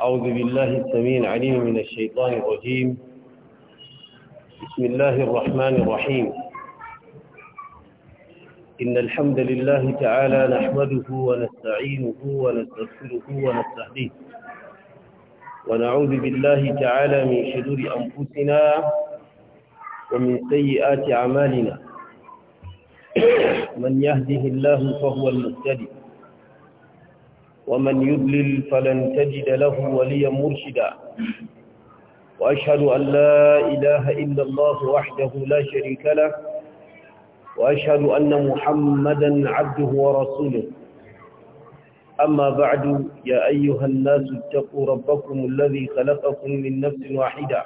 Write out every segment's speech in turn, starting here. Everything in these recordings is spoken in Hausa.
أعوذ بالله السميع العليم من الشيطان الرجيم بسم الله الرحمن الرحيم إن الحمد لله تعالى نحمده ونستعينه ونستغفره ونستهديه ونعوذ بالله تعالى من شرور أنفسنا ومن سيئات أعمالنا من يهده الله فهو المهتدي ومن يضلل فلن تجد له وليا مرشدا وأشهد أن لا إله إلا الله وحده لا شريك له وأشهد أن محمدا عبده ورسوله أما بعد يا أيها الناس اتقوا ربكم الذي خلقكم من نفس واحدة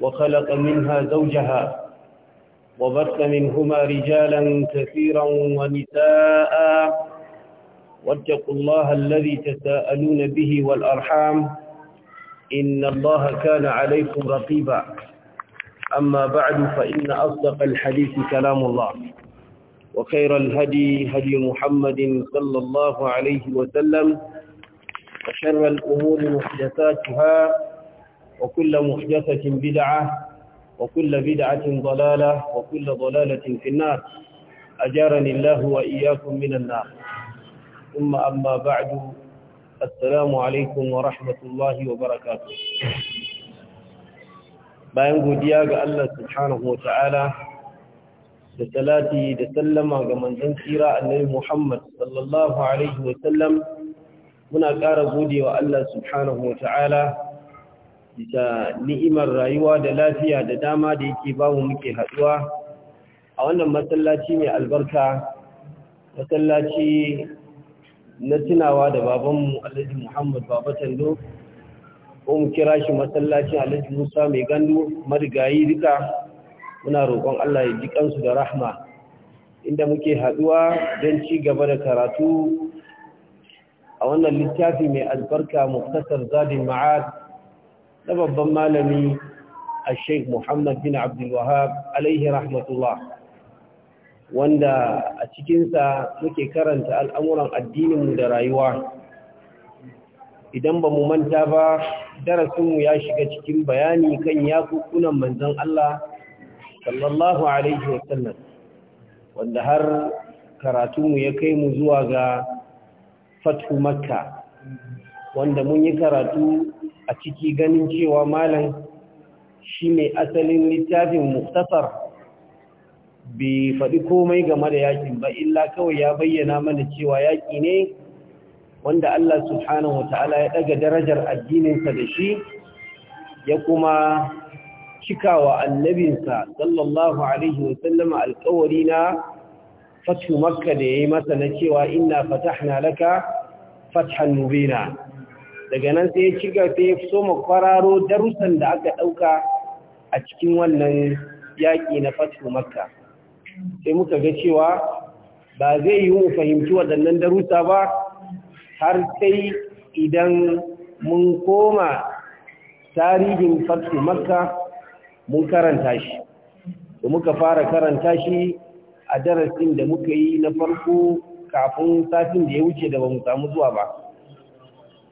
وخلق منها زوجها وبث منهما رجالا كثيرا ونساء واتقوا الله الذي تساءلون به والأرحام إن الله كان عليكم رقيبا أما بعد فإن أصدق الحديث كلام الله وخير الهدي هدي محمد صلى الله عليه وسلم وشر الأمور محدثاتها وكل محدثة بدعة وكل بدعة ضلالة وكل ضلالة في النار أجارني الله وإياكم من النار ثم أما بعد السلام عليكم ورحمة الله وبركاته bayan godiya ga Allah subhanahu wa ta'ala da talati da sallama ga manzon tsira annabi Muhammad sallallahu alaihi wa muna ƙara godewa Allah subhanahu wa ta'ala da ni'imar rayuwa da lafiya da dama da yake bamu muke haɗuwa a wannan masallaci mai albarka masallaci na tunawa da babanmu alhaji muhammad baba tando ko mu kira shi masallacin alhaji musa mai gandu marigayi duka muna roƙon allah ya ji kansu da rahma inda muke haɗuwa don ci gaba da karatu a wannan littafi mai albarka muktasar zadin ma'ad na babban malami a sheik muhammad bin abdulwahab alaihi rahmatullah wanda a cikinsa muke karanta al'amuran addininmu da rayuwa idan ba mu manta ba darasinmu ya shiga cikin bayani kan yakukunan manzan Allah sallallahu Alaihi wasallam wanda har karatunmu ya kai mu zuwa ga fatu makka wanda mun yi karatu a ciki ganin cewa malam shi ne asalin littafin muktasar bai faɗi komai game da yakin ba illa kawai ya bayyana mana cewa yaƙi ne wanda Allah subhanahu ya ɗaga darajar addininsa da shi ya kuma cikawa annabinsa sallallahu alaihi wasallama alƙawari na fatu makka da yayi masa na cewa inna fatahna laka fathan Nubina daga nan sai ya cika sai ya so makwararo darussan da aka ɗauka a cikin wannan yaƙi na fatu makka sai muka ga cewa ba zai yi mu fahimci waɗannan darussa ba har sai idan mun koma tarihin fatu makka mun karanta shi da muka fara karanta shi a darasin da muka yi na farko kafin satin da ya wuce da bamu samu zuwa ba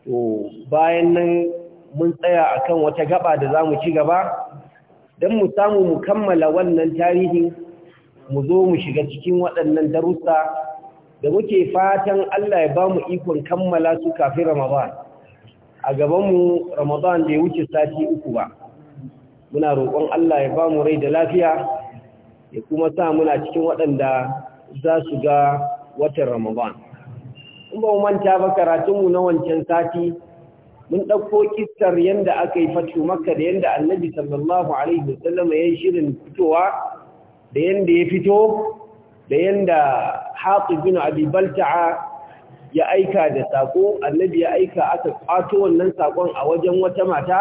to bayan nan mun tsaya akan wata gaba da za mu ci gaba don mu samu mu kammala wannan tarihin mu zo mu shiga cikin waɗannan darussa da muke fatan Allah ya ba mu ikon kammala su kafin Ramadan a gabanmu Ramadan da ya wuce sati uku ba muna roƙon Allah ya ba mu rai da lafiya ya kuma sa muna cikin waɗanda za su ga watan Ramadan in ba mu manta ba karatunmu na wancan sati mun ɗauko kistar yadda aka yi fatu makka da yadda annabi sallallahu alaihi wasallam ya yi shirin fitowa da yanda ya fito da yanda haƙi bin Abi Balta'a ya aika da sako annabi ya aika aka kwato wannan sakon a wajen wata mata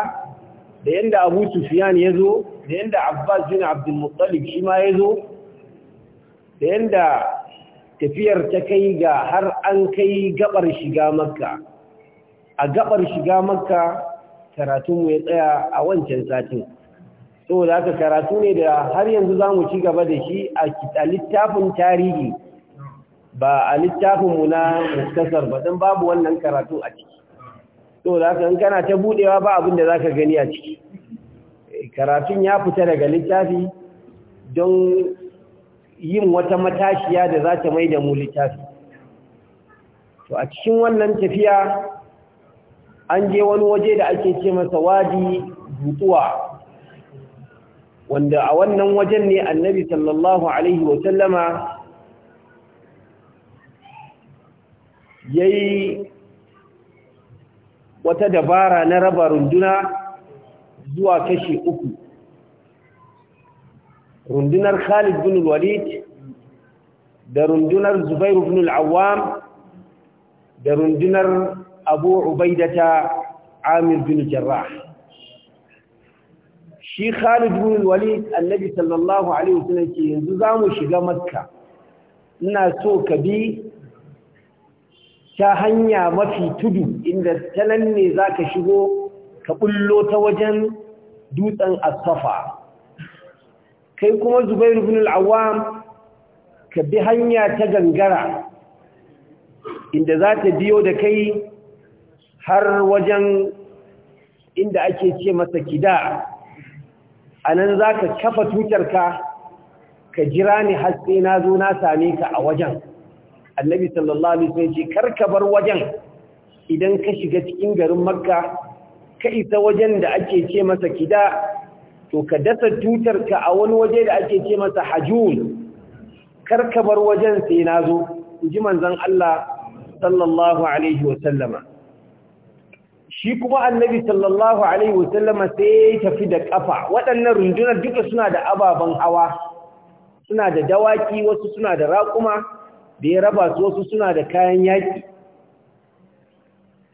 da yanda Abu Sufyan ya zo da yanda Abbas bin Abdul Muttalib shi ma ya zo da yanda tafiyar ta kai ga har an kai gabar shiga Makka a gabar shiga Makka karatunmu ya tsaya a wancan satin saboda haka karatu ne da har yanzu za mu ci gaba da shi a littafin tarihi ba a littafinmu na muktasar ba don babu wannan karatu a ciki saboda haka in kana ta buɗewa ba abin da za ka gani a ciki karatun ya fita daga littafi don yin wata matashiya da za ta mai da mu littafi to a cikin wannan tafiya an je wani waje da ake ce masa wadi butuwa wanda a wannan wajen ne annabi sallallahu alaihi wasallama ya yi wata dabara na raba runduna zuwa kashi uku rundunar khalid bin walid da rundunar zubairu bin al'awam da rundunar abu ubaidata amir bin jarrah shi Khalid bin Walid annabi sallallahu alaihi wasallam ce yanzu zamu shiga Makka ina so ka bi ta hanya mafi tudu inda talan ne zaka shigo ka bullo ta wajen dutsen As-Safa kai kuma Zubair bin Al-Awwam ka bi hanya ta gangara inda za biyo da kai har wajen inda ake ce masa kida a nan za ka kafa tutarka ka jira ni har sai na zo na same ka a wajen annabi sallallahu alaihi wasallam ce karka bar wajen idan ka shiga cikin garin makka ka isa wajen da ake ce masa kida to ka dasa tutarka a wani waje da ake ce masa hajul karka bar wajen sai na zo ji manzon Allah sallallahu alaihi wasallama shi kuma annabi sallallahu alaihi wasallama sai ya tafi da kafa waɗannan rundunar duka suna da ababen hawa suna da dawaki wasu suna da raƙuma da ya raba su wasu suna da kayan yaƙi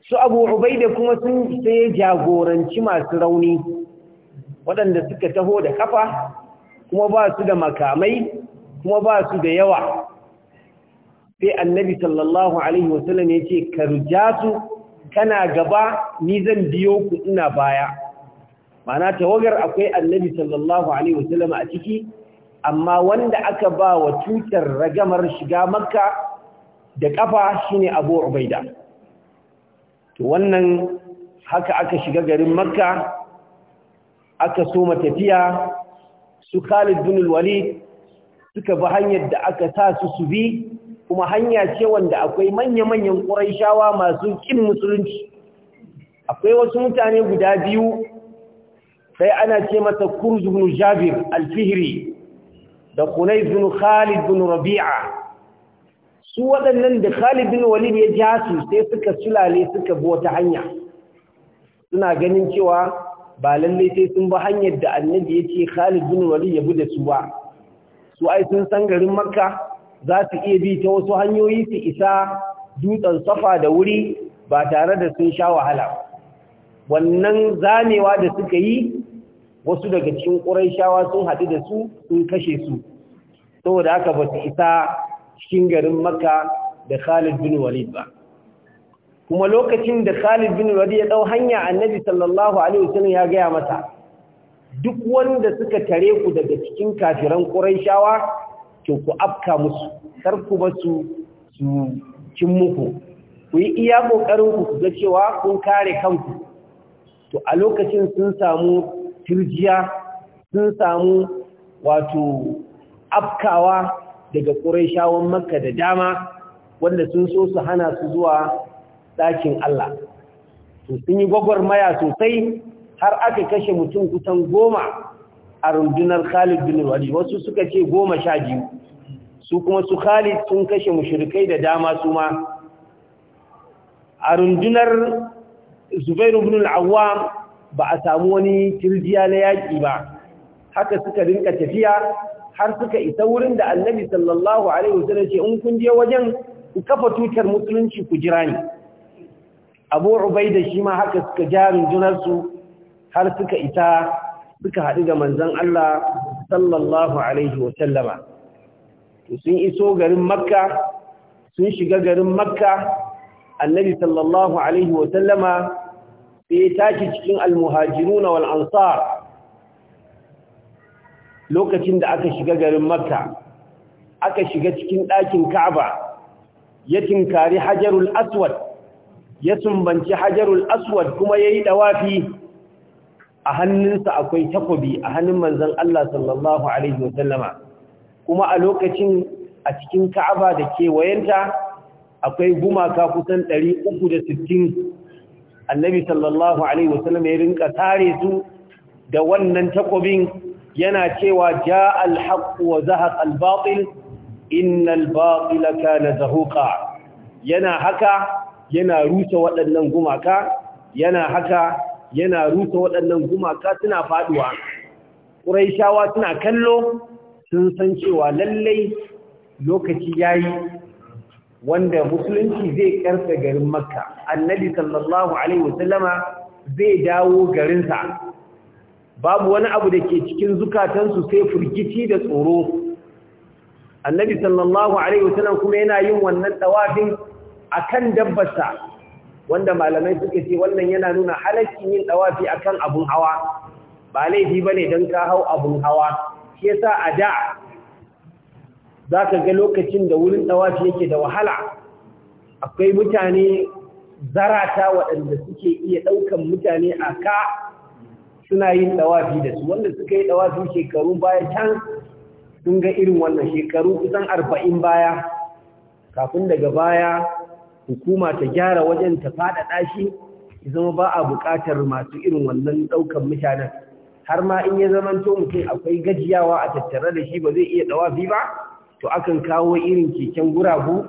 su abu ubaida kuma sun sai ya jagoranci masu rauni waɗanda suka taho da kafa kuma ba su da makamai kuma ba su da yawa sai annabi sallallahu alaihi wasallam ya ce ka su kana gaba ni zan biyo ku ina baya mana tawagar akwai annabi sallallahu alaihi wasallam a ciki amma wanda aka ba wa tutar ragamar shiga makka da kafa shine abu ubaida to wannan haka aka shiga garin makka aka soma tafiya su khalid bin walid suka bi hanyar da aka sa su su bi kuma hanya ce wanda akwai manya-manyan ƙuraishawa masu ƙin musulunci akwai wasu mutane guda biyu sai ana ce masa kurz bin jabir alfihri da kunai bin khalid bin rabi'a su waɗannan da khalid bin walid ya ja su sai suka sulale suka bi wata hanya suna ganin cewa ba lallai sai sun bi hanyar da annabi ya ce khalid bin walid ya bi da su ba su ai sun san garin makka za su iya bi ta wasu hanyoyi su isa dutsen safa da wuri ba tare da sun sha wahala wannan zamewa da suka yi wasu daga cikin ƙuraishawa sun haɗu da su sun kashe su saboda haka ba su isa cikin garin makka da khalid bin walid ba kuma lokacin da khalid bin walid ya ɗau hanya annabi sallallahu alaihi wasallam ya gaya masa duk wanda suka tare ku daga cikin kafiran ƙuraishawa to ku afka musu kar ku basu su cin muku ku yi iya ƙoƙarin ku ga cewa kun kare kanku to a lokacin sun samu turjiya sun samu wato afkawa daga Qurayshawan Makka da dama wanda sun so su hana su zuwa ɗakin Allah to sun yi gwagwarmaya sosai har aka kashe mutum kusan goma a rundunar Khalid bin Walid wasu suka ce goma sha biyu su kuma su Khalid sun kashe mushrikai da dama su ma a rundunar Zubair bin al ba a samu wani tirjiya na yaki ba haka suka rinka tafiya har suka isa wurin da Annabi sallallahu alaihi wasallam ce in kun je wajen ku kafa tutar musulunci ku jira ni Abu Ubaida shi ma haka suka ja rundunar su har suka isa suka haɗu da manzon Allah sallallahu alaihi wa sun iso garin makka sun shiga garin makka annabi sallallahu alaihi wa sai ya tashi cikin almuhajiruna wal ansar lokacin da aka shiga garin makka aka shiga cikin ɗakin ka'aba ya tinkari hajarul aswad ya sumbanci hajarul aswad kuma ya yi ɗawafi a hannunsa akwai takobi a hannun manzon Allah sallallahu alaihi wasallama kuma a lokacin a cikin Ka'aba da kewayenta akwai gumaka kusan 360 annabi sallallahu alaihi wasallam ya rinka tare su da wannan takobin yana cewa ja al wa al-batil innal batila na zahuqa yana haka yana rusa waɗannan gumaka yana haka yana rusa waɗannan gumaka suna faduwa ƙuraishawa suna kallo sun san cewa lallai lokaci ya yi. wanda musulunci zai karfe garin makka annabi sallallahu alaihi wasallama zai dawo garinsa babu wani abu da ke cikin zukatansu sai furkici da tsoro annabi sallallahu alaihi wasallam kuma yana yin wannan a akan dabbarsa wanda malamai suke ce wannan yana nuna halakin yin dawafi akan abun hawa ba laifi bane dan ka hau abun hawa shi yasa a da zaka ga lokacin da wurin dawafi yake da wahala akwai mutane zarata waɗanda suke iya ɗaukan mutane a ka suna yin dawafi da su wanda suka yi dawafi shekaru baya can sun ga irin wannan shekaru kusan arba'in baya kafin daga baya hukuma ta gyara wajen ta faɗaɗa shi zama ba a buƙatar masu irin wannan ɗaukar mutanen har ma in ya zamanto mutum akwai gajiyawa a tattare da shi ba zai iya ɗawafi ba to akan kawo irin keken guragu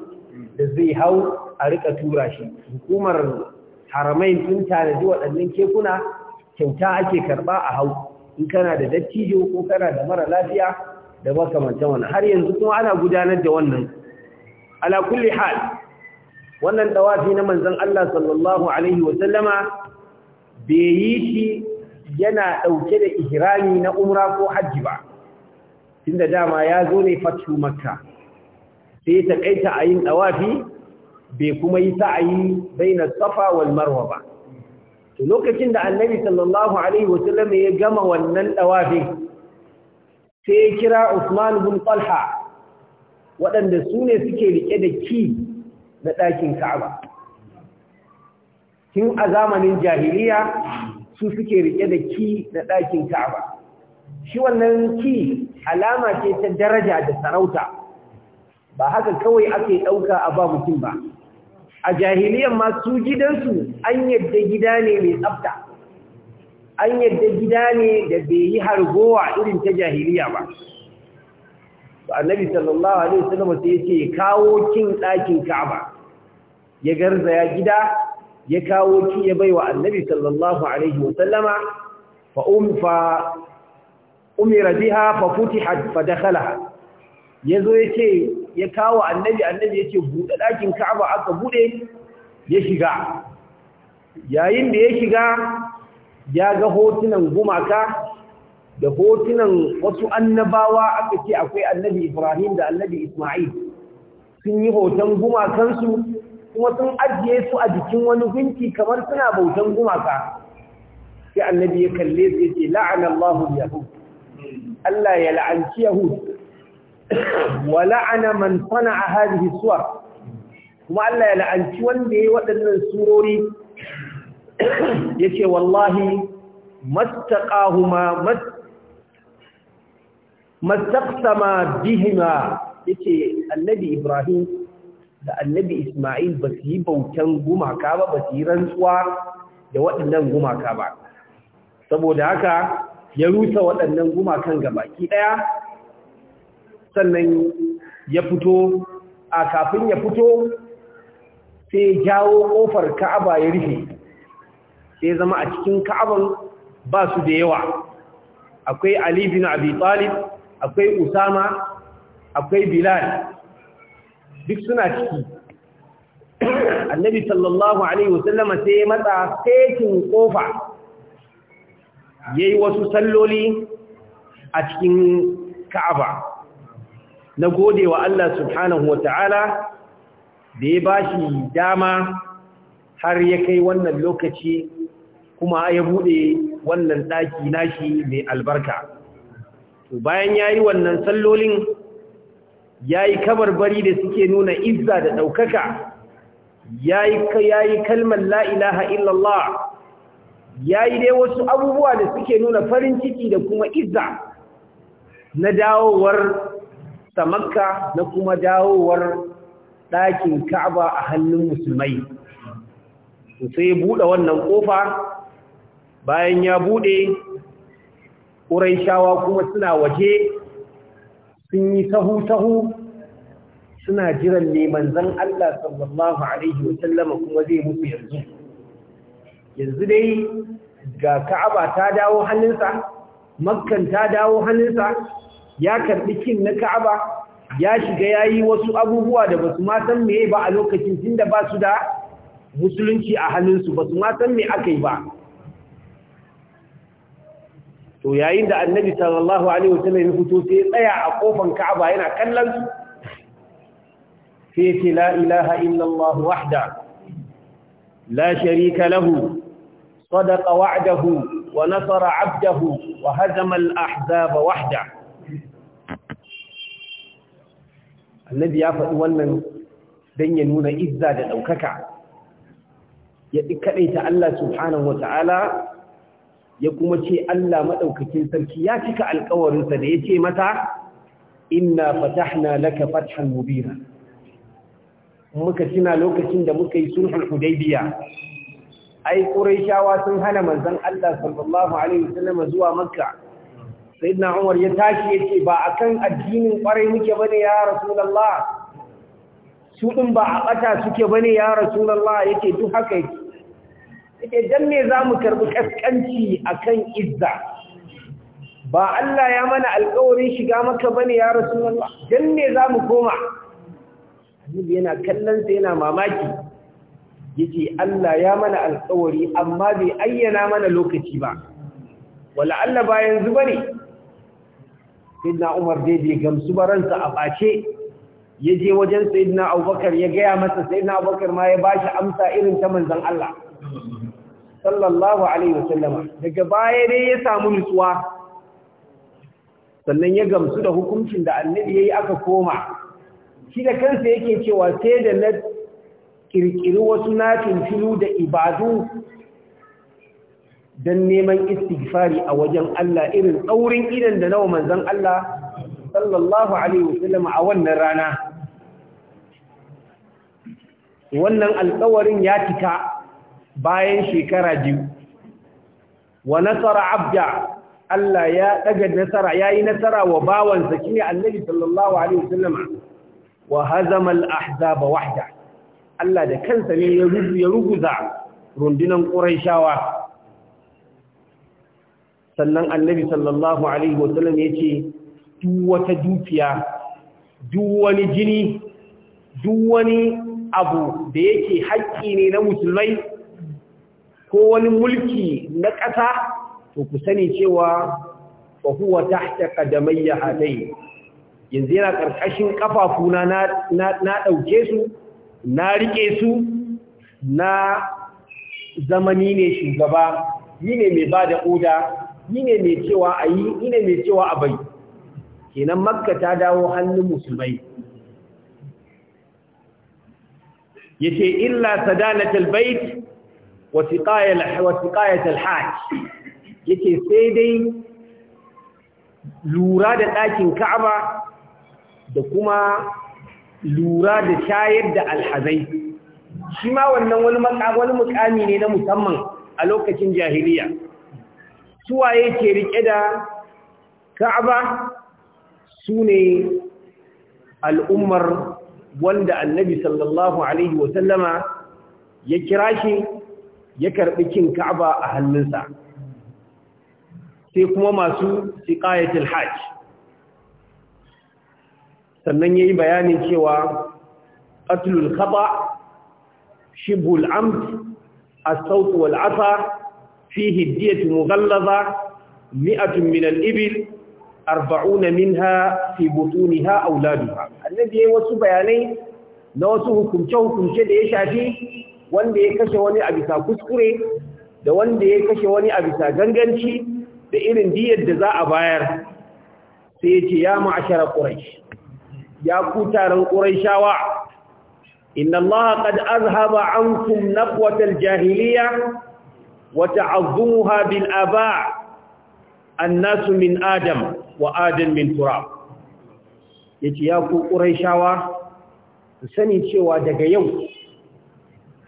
da zai hau a rika tura shi hukumar haramai tare tanaji waɗannan kekuna kyauta ake karɓa a hau in kana da dattijo ko kana da mara lafiya da makamantan wannan har yanzu kuma ana gudanar da wannan ala kulli hal wannan dawafi na manzon Allah sallallahu alaihi wa sallama bai yi shi yana dauke da ihrami na umra ko haji ba tunda dama ya zo ne fatu makka sai ta kaita a yin bai kuma yi sa'ayi bainas safa wal marwa ba to lokacin da annabi sallallahu alaihi wa sallam ya gama wannan dawafin sai ya kira Usman ibn Talha waɗanda su ne suke rike da ki na ɗakin ka'aba tun a zamanin jahiliya su suke rike da ki na ɗakin ka'aba shi wannan ki alama ce ta daraja da sarauta ba haka kawai ake ɗauka a ba mutum ba a jahiliyan ma su gidansu an yadda gida ne mai tsafta an yadda gida ne da bai yi hargowa irin ta jahiliya ba annabi sallallahu alaihi wasallam sai yace kawo kin ɗakin Ka'aba ya garza ya gida ya kawo ki ya baiwa annabi sallallahu alaihi wasallama fa um fa umira biha fa futihat fa dakhala yazo yace ya kawo annabi annabi yace bude ɗakin Ka'aba aka bude ya shiga yayin da ya shiga ya ga hotunan gumaka da hotunan wasu annabawa aka ce akwai annabi Ibrahim da annabi Ismail sun yi hoton gumakansu kuma sun ajiye su a jikin wani gunki kamar suna bautan gumaka sai annabi ya kalle su yace la'ana Allahu yahud Allah ya la'anci yahud wa la'ana man sana'a hadhihi suwar kuma Allah ya la'anci wanda yayi waɗannan surori yace wallahi mast mastaqsama bihima yake annabi ibrahim da annabi isma'il ba su yi bautan gumaka ba ba su yi rantsuwa da waɗannan gumaka ba saboda haka ya rusa waɗannan gumakan ga baki ɗaya sannan ya fito a kafin ya fito sai jawo ƙofar ka'aba ya rufe sai zama a cikin ka'aban ba su da yawa akwai ali bin abi talib akwai usama akwai bilal duk suna ciki annabi sallallahu alaihi wasallam sai matsa fetin kofa yayi wasu salloli a cikin ka'aba na gode wa Allah subhanahu wa ta'ala da ya ba shi dama har ya kai wannan lokaci kuma ya buɗe wannan ɗaki nashi mai albarka. to bayan yayi wannan sallolin yayi kabarbari da suke nuna izza da daukaka yayi yayi kalmar la ilaha illallah yayi dai wasu abubuwa da suke nuna farin ciki da kuma izza na dawowar samakka na kuma dawowar ɗakin Ka'aba a hannun musulmai sai ya buɗe wannan ƙofa bayan ya buɗe ƙuraishawa kuma suna waje sun yi sahu-sahu suna jiran neman zan Allah sallallahu Alaihi wasallama kuma zai mutu yanzu yanzu dai ga ka'aba ta dawo hannunsa makkan ta dawo hannunsa ya karɓi kin na ka'aba ya shiga ya yi wasu abubuwa da ba su matan meye ba a lokacin tun da ba su da musulunci a hannunsu ba su matan me aka yi ba to yayin da annabi sallallahu alaihi wasallam ya fito sai tsaya a kofan ka'aba yana kallon su sai ce la ilaha illallah wahda la sharika lahu sadaqa wa'dahu wa nasara 'abdahu wa hazama al-ahzaba wahda annabi ya faɗi wannan dan ya nuna izza da daukaka ya kadaita Allah subhanahu wa ta'ala ya kuma ce Allah maɗaukakin sarki ya cika alkawarinsa da ya ce mata inna fatahna laka fathan Mubira. muka tuna lokacin da muka yi sulhul hudaybiya ai quraishawa sun hana manzon Allah sallallahu alaihi wasallam zuwa makka sayyidina umar ya tashi yace ba akan addinin kwarai muke bane ya rasulullah su din ba a bata suke bane ya rasulullah yake duk haka yake yake dan mu zamu karbi a kan izza ba Allah ya mana alƙawarin shiga maka bane ya rasulullah dan za mu koma annabi yana kallon yana mamaki yace Allah ya mana alƙawari amma bai ayyana mana lokaci ba wala Allah ba yanzu bane sidna Umar dai dai gamsu baransa a bace yaje wajen sayyidina Abubakar ya gaya masa sayyidina Abubakar ma ya bashi amsa irin ta manzon Allah sallallahu alaihi wasallama daga baya dai ya samu nutsuwa sannan ya gamsu da hukuncin da annabi yayi aka koma shi da kansa yake cewa sai da na kirkiri wasu nafin filu da ibadu don neman istighfari a wajen Allah irin tsaurin idan da nawa manzon Allah sallallahu alaihi wasallama a wannan rana wannan alƙawarin ya cika bayan shekara biyu wa nasara abda Allah ya daga nasara ya yi nasara wa bawansa ne Annabi sallallahu alaihi wasallam wa hazama al ahzaba wahda Allah da kansa ne ya rubu ya ruguza rundunan Qurayshawa sannan Annabi sallallahu alaihi wasallam yace duk wata dukiya duk wani jini duk wani abu da yake haƙƙi ne na musulmai ko wani mulki na ƙasa to ku sani cewa fa huwa tahta qadamayya hadai yanzu yana ƙarƙashin kafafuna na na dauke su na rike su na zamani ne shugaba ni ne mai ba da oda ni ne mai cewa a yi ni ne mai cewa a kenan makka ta dawo hannun musulmai yace illa sadanatul bait wasiƙayat alhaj yake sai dai lura da ɗakin ka'aba da kuma lura da shayar da alhazai shi ma wannan wani mukami ne na musamman a lokacin jahiliya waye ke rike da ka'aba su ne al'ummar wanda annabi sallallahu alaihi wasallama ya kira shi ya karɓi kin ka'aba a hannunsa sai kuma masu siƙayatul hajj sannan ya yi bayanin cewa ƙatlul khaba shibul amt as-sawt wal asa fihi diyatu mughallaza mi'atun min al-ibil arba'una minha fi butuniha auladuha annabi yayi wasu bayanai na wasu hukunce hukunce da ya shafi wanda ya kashe wani a bisa kuskure da wanda ya kashe wani a bisa ganganci da irin diyar da za a bayar sai ya ce ya ma'ashara ƙuraish ya ku taron ƙuraishawa inna Allah qad azhaba ankum naqwatal jahiliya wa ta'azzamuha bil aba annasu min adam wa adam min turab yace ya ku ƙuraishawa sani cewa daga yau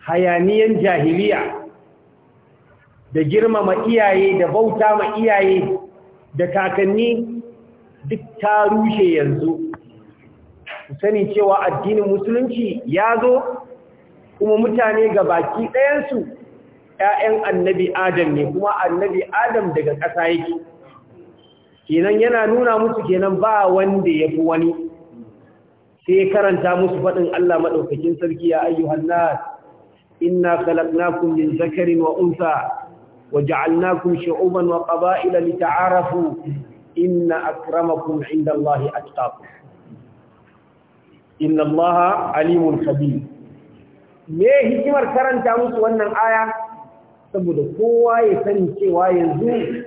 hayaniyan jahiliya da girmama iyaye da bauta ma iyaye da kakanni duk ta rushe yanzu sani cewa addinin musulunci ya zo kuma mutane ga baki ɗayansu ‘ya'yan annabi adam ne kuma annabi adam daga ƙasa yake kenan yana nuna musu kenan ba wanda ya fi wani sai karanta musu faɗin Allah maɗaukakin sarki ya ayyuhan إنا خلقناكم من ذكر وأنثى وجعلناكم شعوبا وقبائل لتعارفوا إن أكرمكم عند الله أتقاكم إن الله عليم خبير me hikimar karanta musu wannan aya saboda kowa ya sani cewa yanzu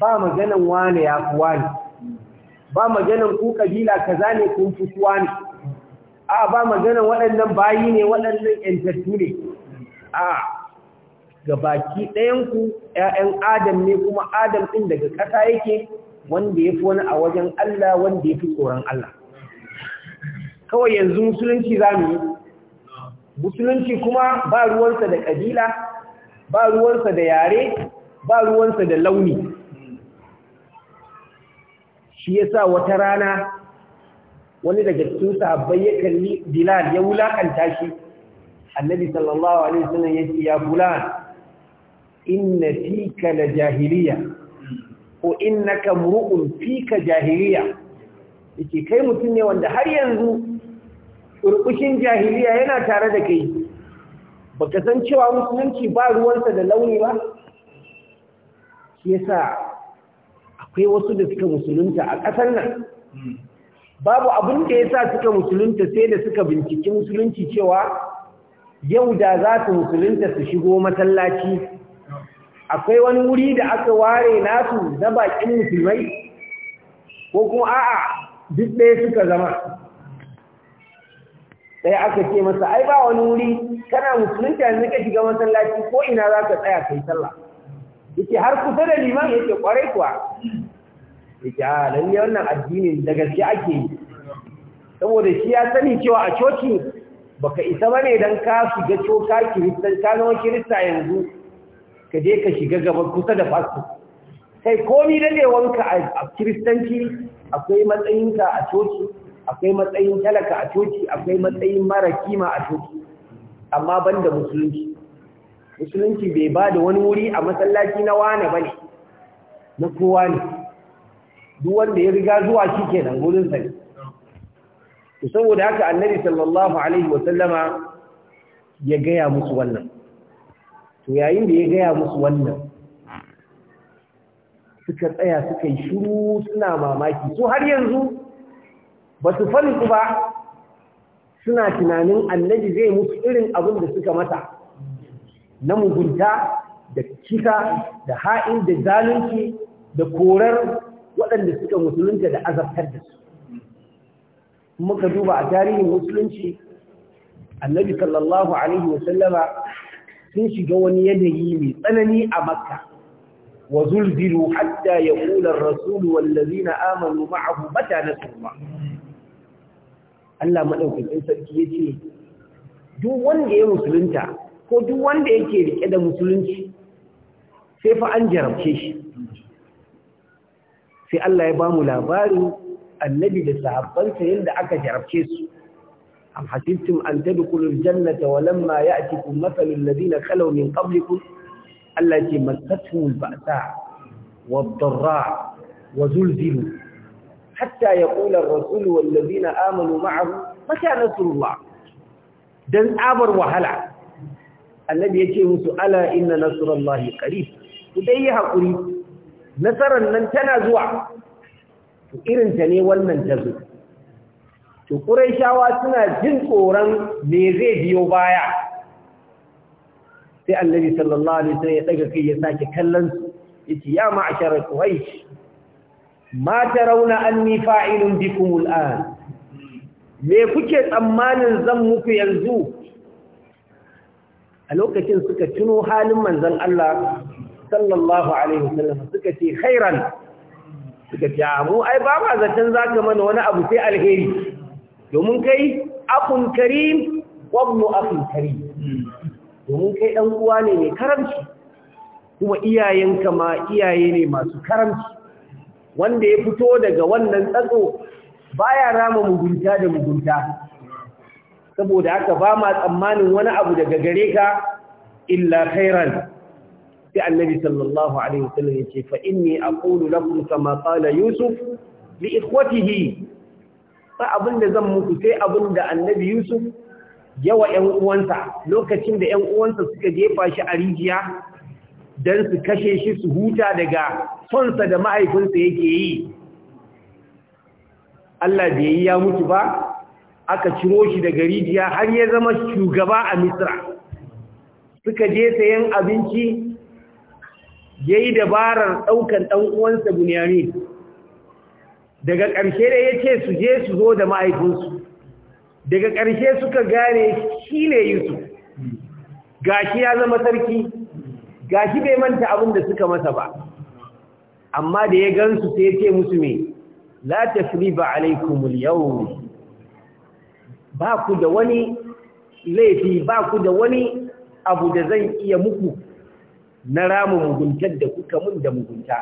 ba maganan wane ya kuwa ne ba maganan ku kabila kaza ne kun fituwa ne a ba maganan waɗannan bayi ne waɗannan yantattu ne a ga baki ɗayanku ‘ya'yan Adam ne kuma Adam ɗin daga ƙasa yake wanda ya fi wani a wajen Allah wanda ya fi tsoron Allah. Kawai yanzu musulunci za mu yi, musulunci kuma ba ruwansa da ƙabila, ba ruwansa da yare, ba ruwansa da launi. Shi ya sa wata rana wani daga cikin sabbai ya kalli Bilal ya wulaƙanta shi. annabi sallallahu alaihi wasallam yace ya fulan inna fika la jahiliya ko innaka mur'un fika jahiliya yake kai mutum ne wanda har yanzu turkushin jahiliya yana tare da kai baka san cewa musulunci ba ruwansa da launi ba yasa akwai wasu da suka musulunta a ƙasar nan babu abin da yasa suka musulunta sai da suka binciki musulunci cewa yau da za su musulunta su shigo masallaci akwai wani wuri da aka ware nasu na bakin musulmai ko kuma a'a duk ɗaya suka zama sai aka ce masa ai ba wani wuri kana musulunta yanzu ka shiga masallaci ko ina za ka tsaya kai sallah yake har kusa da liman yake kwarai kuwa yake a ah, lalle wannan addinin da gaske ake yi saboda shi ya sani cewa a coci baka isa ba ne don ka shiga coka kiristan, ka kirista yanzu ka je ka shiga gaba kusa da fasto sai komi dadewanka a kiristanci akwai matsayinka a coci akwai matsayin talaka a coci akwai matsayin mara kima a coci amma banda musulunci musulunci bai ba da wani wuri a masallaci na wane ba ne na kowa ne duk wanda ya riga zuwa shi kenan wurin ne saboda haka annabi sallallahu alaihi wasallama ya gaya musu wannan to yayin da ya gaya musu wannan suka tsaya suka yi shiru suna mamaki su har yanzu ba su falku ba suna tunanin annabi zai musu irin abin da suka mata na mugunta da kisa da ha'in da zalunci da korar waɗanda suka musulunta da azabtar da su muka duba a tarihin musulunci annabi sallallahu alaihi wasallama sun shiga wani yanayi mai tsanani a makka wa zulzilu hatta yaqula ar-rasul wal amanu ma'ahu mata nasrullah Allah madaukakin sarki yace duk wanda ya musulunta ko duk wanda yake rike da musulunci sai fa an jarabce shi sai Allah ya bamu labarin annabi da sahabbansa yadda aka jarabce su am hasibtum an tadkhulul jannata wa lamma ya'tikum mathalul ladina khalaw min qablikum allati massatuhum al-ba'sa wad-dharra wa zulzilu hatta yaqula ar-rasul wal ladina amanu ma'ahu mata nasrullah dan tsabar wahala annabi yace musu ala inna nasrullahi qarib ku dai hakuri nasaran nan tana zuwa irin ta ne wannan ta zo to quraishawa suna jin tsoron me zai biyo baya sai annabi sallallahu alaihi wasallam ya daga kai ya sake kallon su yace ya ma'ashar quraish ma tarawna anni fa'ilun bikum al'an me kuke tsammanin zan muku yanzu a lokacin suka tuno halin manzon Allah sallallahu alaihi wasallam suka ce khairan suka ce mu ai ba ba zaton za ka mana wani abu sai alheri domin kai akun karim wabnu akun karim domin kai ɗan uwa ne mai karamci kuma iyayenka ma iyaye ne masu karamci wanda ya fito daga wannan tsatso baya rama mugunta da mugunta saboda haka ba ma tsammanin wani abu daga gare ka illa khairan sai annabi sallallahu alaihi wasallam ya ce fa inni aqulu lakum kama qala yusuf li ikhwatihi fa abinda zan muku sai abinda annabi yusuf yawa ƴan uwansa lokacin da ƴan uwansa suka jefa shi a rijiya dan su kashe shi su huta daga sonsa da mahaifinsa yake yi Allah bai yi ya mutu ba aka ciro shi daga rijiya har ya zama shugaba a Misra suka je sayan abinci Yayi yi dabarar ɗaukan ɗan uwansa bunyamin daga ƙarshe da ya ce su je su zo da ma'aikunsu daga ƙarshe suka gane shi ne yusuf gashi ya zama sarki gashi bai manta abin da suka masa ba amma da ya gansu sai ya ce musu me la tasriba alaikumul yawm ba ku da wani laifi ba ku da wani abu da zan iya muku na ramu muguntar da kuka mun da mugunta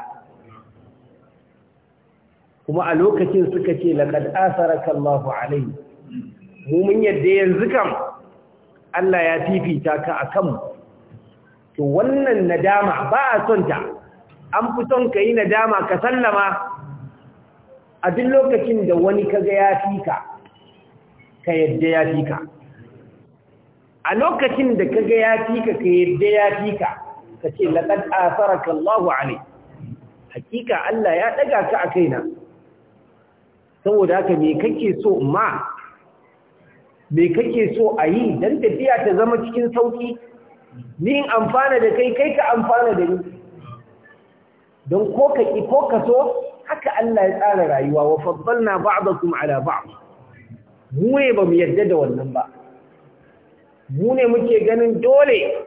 kuma a lokacin suka ce laqad asaraka Allahu alayhi mu mun yadda yanzu kam Allah ya fifita ka akan to wannan nadama ba a son ta an fi son ka yi nadama ka sallama a duk lokacin da wani kaga ya fika, ka yadda ya fika. a lokacin da kaga ya fika, ka yadda ya fika. ka ce laqad asaraka Allahu alai hakika Allah ya ɗaga ka a kaina saboda haka me kake so ma me kake so a yi dan tafiya ta zama cikin sauki ni in amfana da kai kai ka amfana da ni don ko ka ki ko ka so haka Allah ya tsara rayuwa wa faddalna ba'dakum ala ba'd mu ne ba mu yarda da wannan ba mu ne muke ganin dole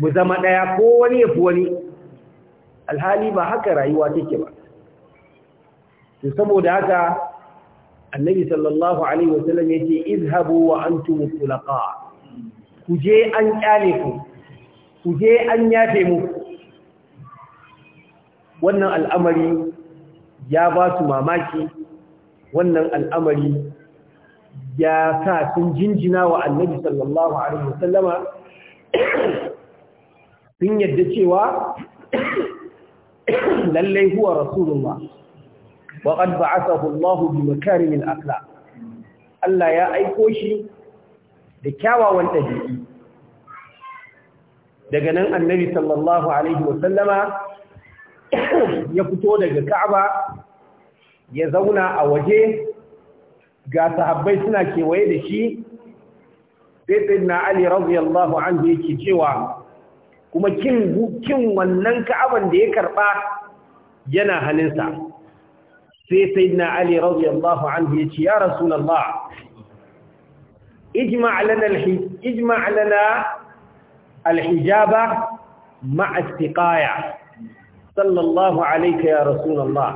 mu zama ɗaya ko wani ya fi wani alhali ba haka rayuwa take ba to saboda haka annabi sallallahu alaihi wasallam yace izhabu wa antum tulaqa ku je an kyale ku ku je an yafe mu wannan al'amari ya ba su mamaki wannan al'amari ya sa sun jinjina wa annabi sallallahu alaihi wasallama sun yadda cewa lallai huwa rasulullah wa qad ba'athahu Allah bi makarimil akhlaq Allah ya aiko shi da kyawawan dabi'i daga nan annabi sallallahu alaihi wa sallama ya fito daga Ka'aba ya zauna a waje ga sahabbai suna kewaye da shi sai sayyidina Ali radiyallahu anhu yake cewa kuma kin kin wannan ka'aban da ya karba yana halinsa sai sayyidina ali radiyallahu anhu yace ya rasulullah ijma' lana alhijab ijma' lana alhijaba ma'a istiqaya sallallahu alayka ya rasulullah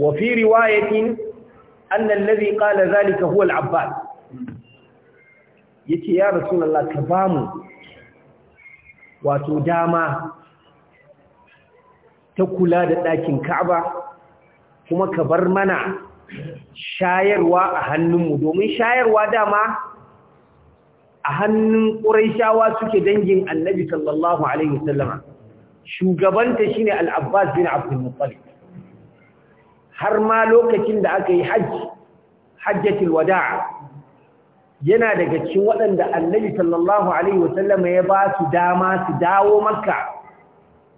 wa fi riwayatin anna alladhi qala dhalika huwa al-abbas yace ya rasulullah ka bamu wato dama ta kula da ɗakin ka'aba kuma ka bar mana shayarwa a hannunmu domin shayarwa dama a hannun ƙuraishawa suke dangin annabi sallallahu alaihi sallama. shugabanta shine alabbas bin abdul har ma lokacin da aka yi hajji hajjatul wada. yana daga cikin waɗanda annabi sallallahu alaihi wa sallama ya ba su dama su dawo makka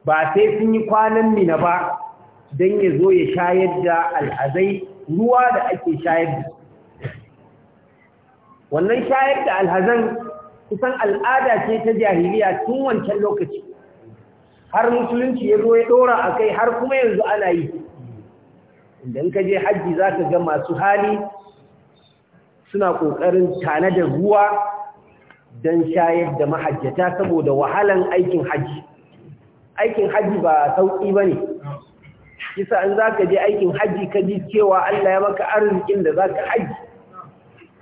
ba sai sun yi kwanan mina ba don ya zo ya shayar da alhazai ruwa da ake shayar da wannan shayar da alhazan kusan al'ada ce ta jahiliya tun wancan lokaci har musulunci ya zo ya ɗora a kai har kuma yanzu ana yi idan ka je hajji za ka ga masu hali suna ƙoƙarin da ruwa don shayar da mahajjata saboda wahalan aikin hajji aikin hajji ba sauƙi ba ne kisa an za ka je aikin hajji ka ji cewa Allah ya maka arzikin da za ka hajji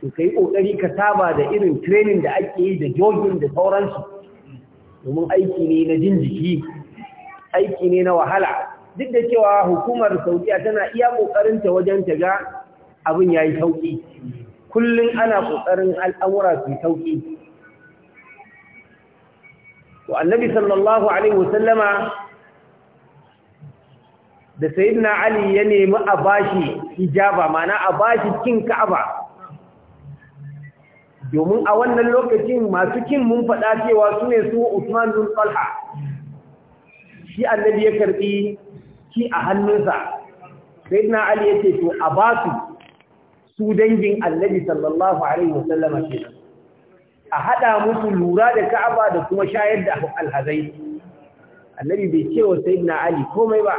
to ka yi ƙoƙari ka saba da irin training da ake yi da jogin da sauransu domin aiki ne na jin jiki aiki ne na wahala duk da cewa hukumar saudiya tana iya ƙoƙarinta wajen ta ga abin ya yi sauƙi kullum ana ƙoƙarin al'amura su sauƙi to annabi sallallahu alaihi wasallama da sayyidina ali ya nemi a bashi hijaba mana a bashi kin ka'aba domin a wannan lokacin masu kin mun faɗa cewa su ne su Usman bin Talha shi annabi ya karɓi ki a hannunsa sayyidina ali yace to a basu su dangin annabi sallallahu alaihi wasallama ce. a hada musu lura da ka'aba da kuma shayar da alhazai annabi bai ce wa sayyidina ali komai ba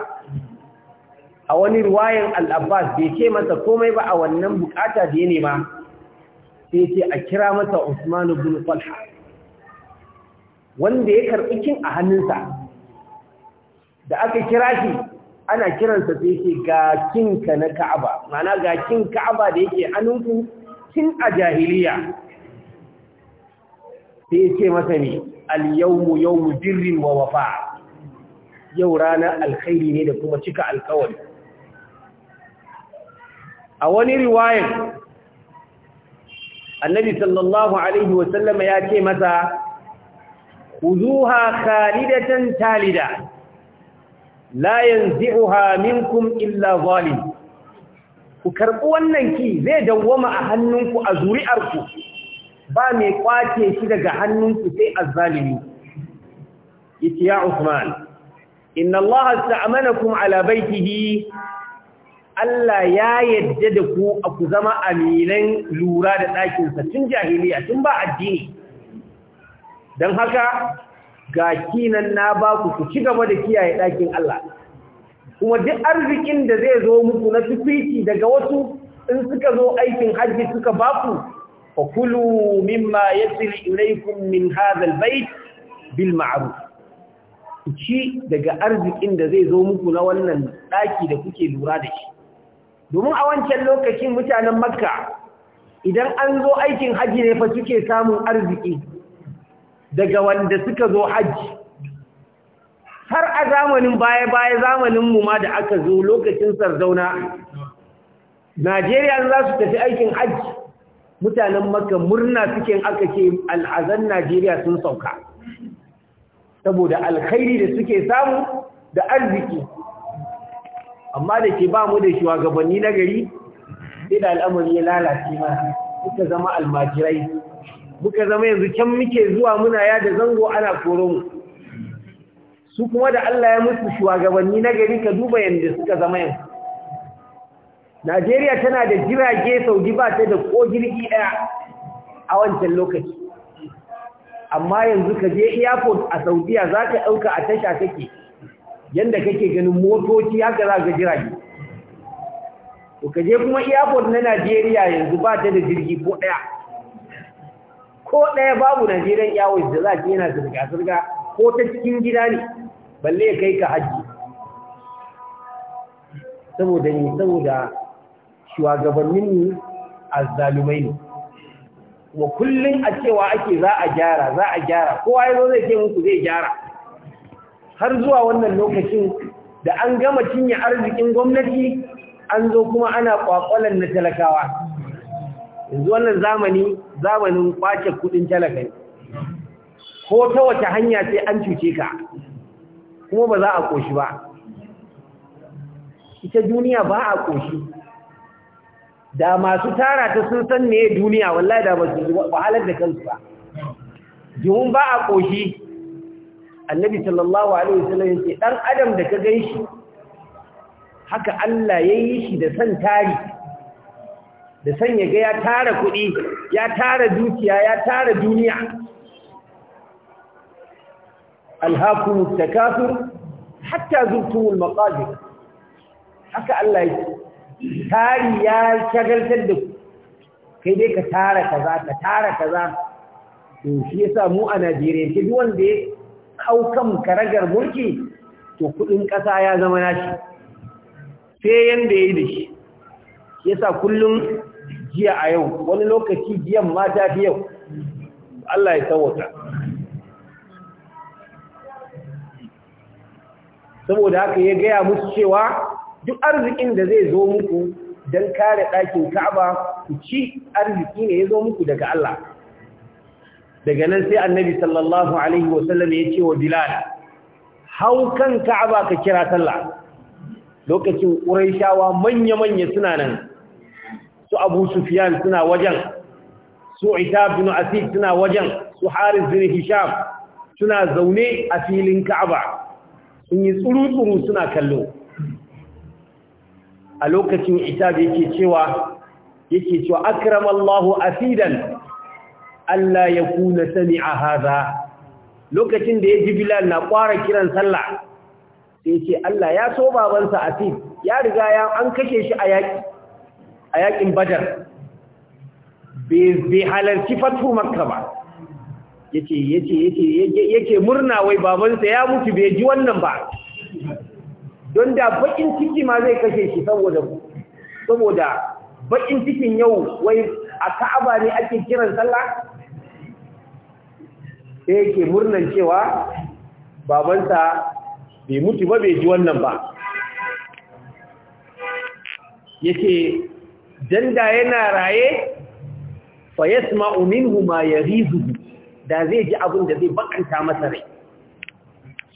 a wani ruwayan al-abbas bai ce masa komai ba a wannan bukata da ya nema sai ce a kira masa usman ibn talha wanda ya karbi kin a hannunsa da aka kira shi ana kiransa sai yake ga kinka na ka'aba ma'ana ga kin ka'aba da yake hannunku tun a jahiliya sai yake masa ne al-yawmu yawmu birrin wa wafa yau ranar alkhairi ne da kuma cika alkawari a wani riwayar annabi sallallahu alaihi wasallama ya ce masa khuzuha khalidatan talida la yanzi'uha minkum illa zalim ku karɓi wannan ki zai dawwama a hannunku a zuri'arku ba mai kwace shi daga hannunku sai azzalimi yace ya Usman inna Allah ista'manakum ala baitihi Allah ya yadda da ku a ku zama aminan lura da ɗakinsa tun jahiliya tun ba addini don haka ga kinan na ba ku ku ci gaba da kiyaye ɗakin Allah kuma duk arzikin da zai zo muku na tufici daga wasu in suka zo aikin hajji suka ba ku fa kulu mimma yasri ilaykum min hadha albayt bil ma'ruf ku ci daga arzikin da zai zo muku na wannan ɗaki da kuke lura da shi domin a wancan lokacin mutanen makka idan an zo aikin hajji ne fa suke samun arziki daga wanda suka zo hajji har a zamanin baya-baya zamanin mu ma da aka zo lokacin sarzauna najeriya za su tafi aikin hajji mutanen maka murna suke aka ce al'azan najeriya sun sauka saboda alkhairi da suke samu da arziki amma da ke ba mu da shugabanni na gari sai da al'amari ya lalace ma suka zama almajirai muka zama yanzu can muke zuwa muna yada zango ana koro mu su kuma da Allah ya musu shugabanni na gari ka duba yadda suka zama yanzu Najeriya tana da jirage Saudi ba ta da ko jirgi ɗaya a wancan lokaci amma yanzu ka je airport a Saudi za ka ɗauka a tasha kake yadda kake ganin motoci haka za ka jirage Ko ka je kuma airport na Najeriya yanzu ba ta da jirgi ko ɗaya ko ɗaya babu jiran yawon da za ki yana zirga-zirga ko ta cikin gida ne balle kai ka hajji saboda ne saboda shugabannin ne azzalumai ne wa kullum a cewa ake za a gyara za a gyara kowa ya zo zai ce muku zai gyara har zuwa wannan lokacin da an gama cinye arzikin gwamnati an zo kuma ana kwakwalan na talakawa yanzu wannan zamani zamanin kwace kudin talaka ko ta wace hanya sai an cuce ka kuma ba za a koshi ba ita duniya ba a koshi da masu tara ta sun san ne duniya wallahi da ba su wahalar da kansu ba domin ba a koshi annabi sallallahu alaihi wasallam yake dan adam da ka shi haka Allah ya shi da san tari da san ya ga ya tara kuɗi ya tara dukiya ya tara duniya alhakum takathur hatta zurtumul maqabir haka Allah yake tari ya shagaltar da ku kai dai ka tara kaza ka tara kaza to shi yasa mu a Najeriya duk wanda ya kam karagar mulki to kudin kasa ya zama nashi sai yanda yayi da shi yasa kullum jiya a yau wani lokaci jiyan ma ta fi yau Allah ya tsawata saboda haka ya gaya musu cewa duk arzikin da zai zo muku don kare ɗakin ka'aba ku ci arziki ne ya zo muku daga Allah daga nan sai annabi sallallahu alaihi wasallam ya ce wa bilal hau kan ka'aba ka kira sallah lokacin ƙuraishawa manya-manya suna nan su abu sufiyan suna wajen su itab bin asif suna wajen su haris bin hisham suna zaune a filin ka'aba sun yi tsuru-tsuru suna kallo a lokacin itab yake cewa yake cewa akramallahu asidan Allah ya kuna sami'a hada. lokacin da ya ji Bilal na kwara kiran sallah sai ce Allah ya so babansa Asif ya riga ya an kashe shi a yaki a yakin badar bai halarci fatu makka ba yace yace yace yake murna wai babansa ya mutu bai ji wannan ba don da bakin ciki ma zai kashe shi saboda saboda bakin cikin yau wai a ka'aba ne ake kiran sallah sai yake murnan cewa babansa bai mutu ba bai ji wannan ba yake janda yana raye fa yasma'u minhu ma da zai ji abin da zai bakanta masa rai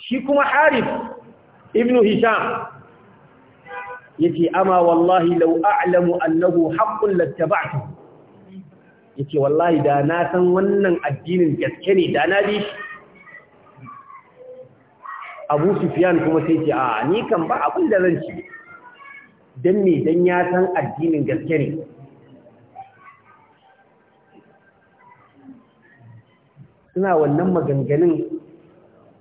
shi kuma harif ibn hisham yace amma wallahi law a'lamu annahu haqqun lattaba'tu yace wallahi da na san wannan addinin gaske ne da na ji Abu Sufyan kuma sai ce a ni kan ba abin da zan ci don me don ya san addinin gaske ne suna wannan maganganun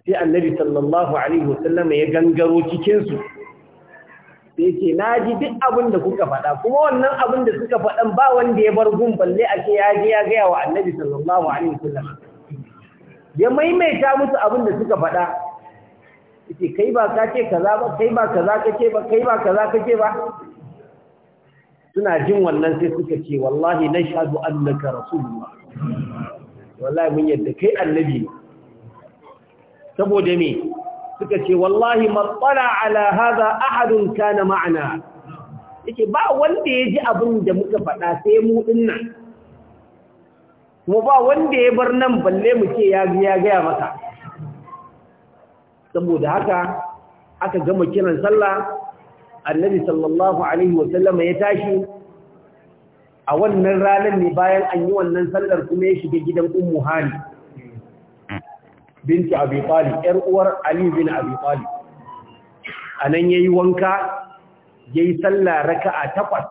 sai annabi sallallahu alaihi wasallama ya gangaro cikinsu sai ce na ji duk abin da kuka faɗa kuma wannan abin da suka faɗan ba wanda ya bar gun balle a ce ya ji ya gaya wa annabi sallallahu alaihi wasallama ya maimaita musu abin da suka faɗa yace kai ba ka ce kaza ba kai ba kaza ka ce ba kai ba kaza ka ce ba suna jin wannan sai suka ce wallahi shahadu annaka rasulullah wallahi mun yadda kai annabi saboda me suka ce wallahi matsala ala haza ahad kana ma'ana yake ba wanda ya ji abin da muka faɗa sai mu dinnan kuma ba wanda ya bar nan balle mu ce ya ya gaya maka saboda haka aka gama kiran sallah annabi sallallahu alaihi wa sallama ya tashi a wannan ranar ne bayan an yi wannan sallar kuma ya shiga gidan ummu hali binti abi talib yar uwar ali bin abi talib anan yayi wanka yayi sallah raka'a takwas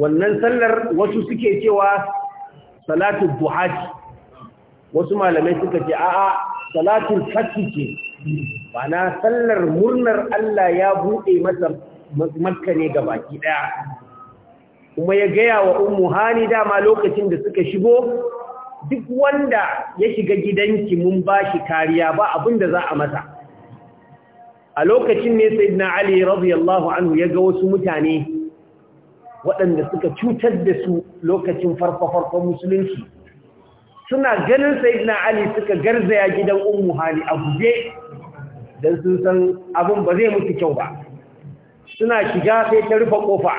wannan sallar wasu suke cewa salatu duha wasu malamai suka ce a'a salatul fati ce bana sallar murnar Allah ya buɗe masa makka ne ga baki ɗaya kuma ya gaya wa ummu hani dama lokacin da suka shigo duk wanda ya shiga gidanki mun bashi kariya ba abinda da za a masa a lokacin ne sayyidina ali radiyallahu anhu ya ga wasu mutane waɗanda suka cutar da su lokacin farko-farkon musulunci suna ganin sayyidina ali suka garzaya gidan ummu hali a guje dan sun san abin ba zai mutu kyau ba suna shiga sai ta rufe kofa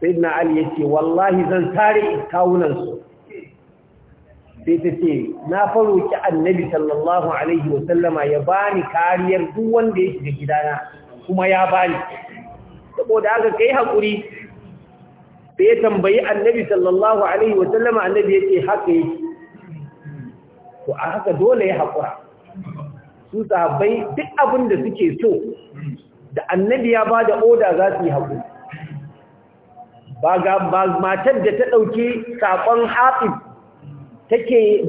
sayyidina ali yace wallahi zan tare kawunan su sai ta ce na faro ki annabi sallallahu alaihi wasallama ya bani kariyar duk wanda ya shiga gidana kuma ya bani saboda haka kai hakuri sai ya tambayi annabi sallallahu alaihi wa sallama annabi ce haka yake to a haka dole ya haƙura su sahabbai duk abin da suke so da annabi ya ba da oda za su yi haƙuri ba matar da ta ɗauki saƙon haƙi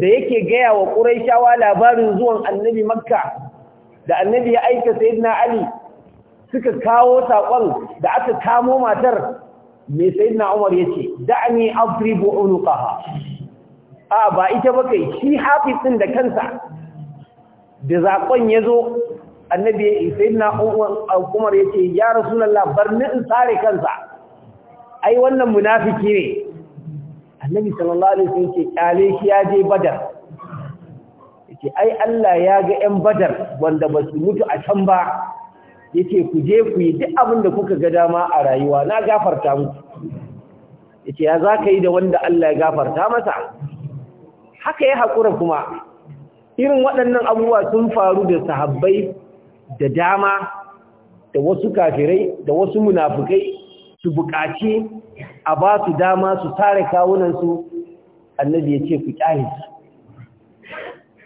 da yake gaya wa ƙuraishawa labarin zuwan annabi makka da annabi ya aika sayidina ali suka kawo saƙon da aka kamo matar sai sayyidina Umar ya yace da'ani adribu unuqaha a ba ita ba kai shi hafiz din da kansa da zakon zo. annabi sayyidina Umar ya ce, ya rasu rasulullah barni in sare kansa ai wannan munafiki ne annabi sallallahu alaihi wasallam ce kyale shi ya je badar yace ai Allah ya ga 'yan badar wanda ba su mutu a can ba yace ku je ku yi duk abin da kuka ga dama a rayuwa na gafarta muku yace ya zaka yi da wanda Allah ya gafarta masa haka ya hakura kuma irin waɗannan abubuwa sun faru da sahabbai da dama da wasu kafirai da wasu munafukai su buƙaci a ba su dama su tare kawunan kawunansu annabi ya ce ku kyale su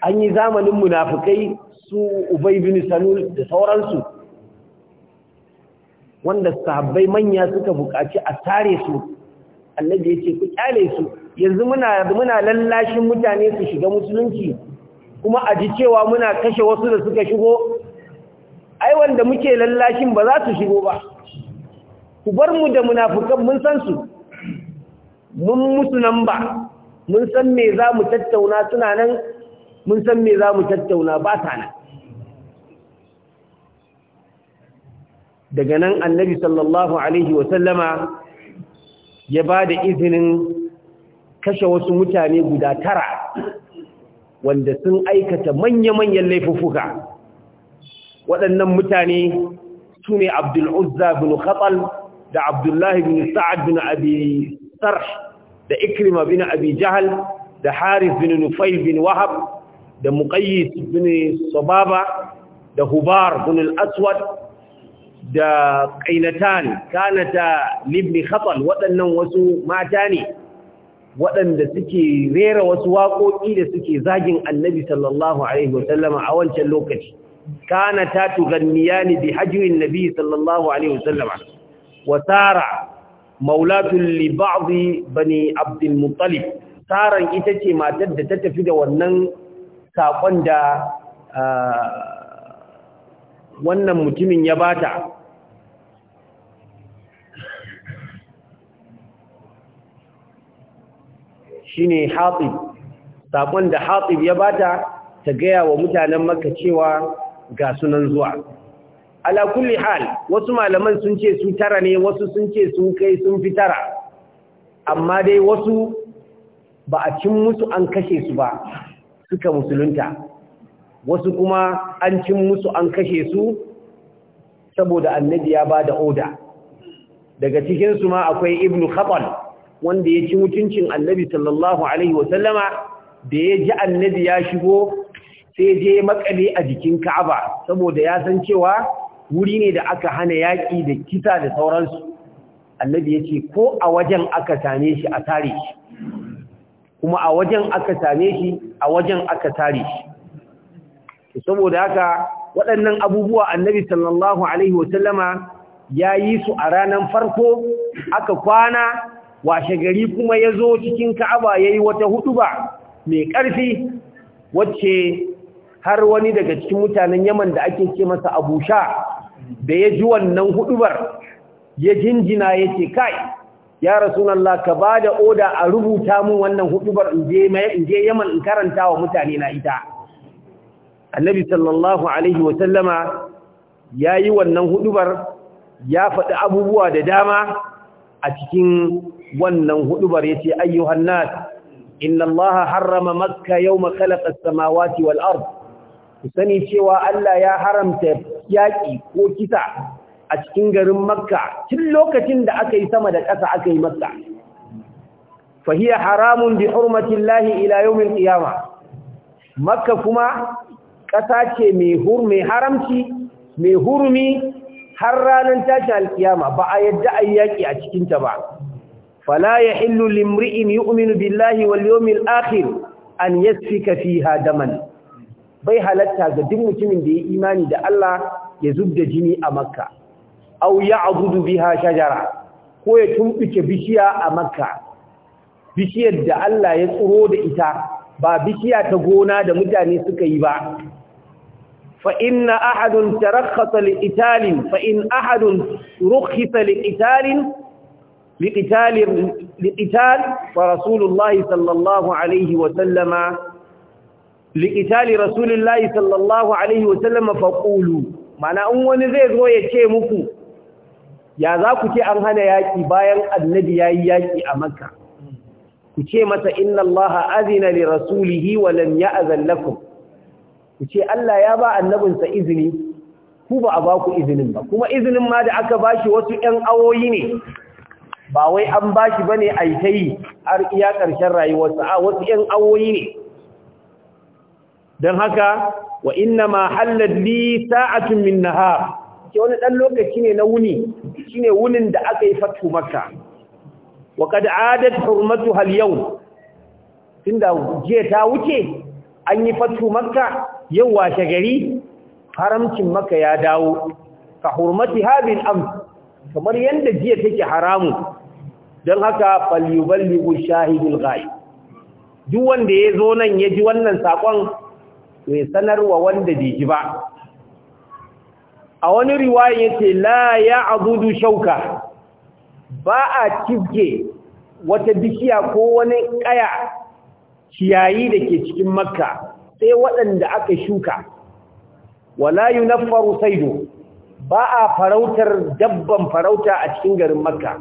an yi zamanin munafukai su ubay bin salul da sauransu wanda sahabbai manya suka buƙaci a tare su Allah ya ce ku kyale su yanzu muna muna lallashin mutane su shiga musulunci kuma a ji cewa muna kashe wasu da suka shigo ai wanda muke lallashin ba za su shigo ba ku bar mu da munafukan mun san su mun musu nan ba mun san me za mu tattauna suna nan mun san me za mu tattauna ba sanan nan daga nan annabi sallallahu alaihi wasallama ya ba da izinin kashe wasu mutane guda tara wanda sun aikata manya-manyan laifuffuka waɗannan mutane su ne abdul'uzza bin khatal da abdullahi bin sa'ad bin abi sarh da ikrima bin abi jahal da haris bin nufail bin wahab da muqayyis bin sababa da hubar bin al-aswad da ƙainatan kanata libni khatal waɗannan wasu mata ne waɗanda suke rera wasu waƙoƙi da suke zagin annabi sallallahu alaihi wasallama a wancan lokaci kanata tuganniyani bi hajwin nabi sallallahu alaihi wasallama Wasara, maulatun li bani abdul muttalib ita ce matar da ta tafi da wannan saƙon da ah, wannan mutumin ya bata shine hatib sakon da hatib ya bata ta gaya wa mutanen maka cewa ga sunan zuwa ala kulli hal wasu malaman sun ce su tara ne wasu sun ce sun kai sun fi tara amma dai wasu ba a cin musu an kashe su ba suka musulunta wasu kuma an cin musu an kashe su saboda annabi ya ba da oda daga cikinsu ma akwai ibnu khatal wanda ya ci mutuncin annabi sallallahu alaihi wasallama da ya ji annabi ya shigo sai je makale a jikin ka'aba saboda ya san cewa wuri ne da aka hana yaƙi da kisa da sauransu annabi ya ce ko a wajen aka same shi a tare shi kuma a wajen aka same shi a wajen aka tare shi saboda haka waɗannan abubuwa annabi sallallahu alaihi wasallama ya yi su a ranar farko aka kwana washe gari kuma ya zo cikin ka'aba ya yi wata hutuba mai ƙarfi wacce har wani daga cikin mutanen yaman da ake ce masa abu sha da ya ji wannan hudubar ya jinjina ya ce kai ya rasulallah ka ba da oda a rubuta mun wannan hudubar in je yaman in karanta wa mutane na ita annabi sallallahu alaihi wasallama ya yi wannan hudubar ya faɗi abubuwa da dama a cikin wannan hudubar yace ayyuhan nas inna allaha harrama makka yawma khalaqa as-samawati wal ard sani cewa Allah ya haramta yaki ko kisa a cikin garin makka tun lokacin da aka yi sama da ƙasa aka yi makka fahiya haramun bi hurmatin lahi ila yawmin qiyama makka kuma ƙasa ce mai haramci mai hurmi har ranar tashin alƙiyama. ba a yadda a yaƙi a cikinta ba fala yahillu limri'in yu'minu billahi wal yawmil akhir an yasfika fiha bai halatta ga duk mutumin da ya imani da Allah ya zubda jini a makka aw ya'budu biha shajara ko ya tumbuke bishiya a makka bishiyar da Allah ya tsoro da ita ba bishiya ta gona da mutane suka yi ba fa inna ahadun tarakhasa li italin fa in ahadun rukhisa li italin لقتال لقتال ورسول الله صلى الله عليه وسلم لقتال رسول الله صلى الله عليه وسلم فقولوا معنى ان wani zai zo ya ce muku ya za ku ce an hana yaki bayan annabi yayi yaki a makka ku ce masa inna allaha azina li rasulihi wa lam ya'zan lakum ku ce Allah ya ba annabinsa izini ku ba a ba ku izinin ba kuma izinin ma da aka bashi wasu ƴan awoyi ne ba wai an bashi bane ai tai har iya ƙarshen rayuwarsa a wasu 'yan awoyi ne don haka wa inna ma hallar li sa'atun min nahar ke wani ɗan lokaci ne na wuni shine wunin da aka yi fatu makka wa kad adat hurmatu hal yau tunda jiya ta wuce an yi fatu makka yau washe gari haramcin maka ya dawo ka hurmati habil am kamar yadda jiya take haramu don haka falyuballighu shahidul ghaib duk wanda ya zo nan ya ji wannan sakon to ya wa wanda bai ji ba a wani riwaya yace la ya'budu shauka ba a cibge wata bishiya ko wani kaya ciyayi da ke cikin makka sai waɗanda aka shuka wala yunaffaru saidu ba a farautar dabban farauta a cikin garin makka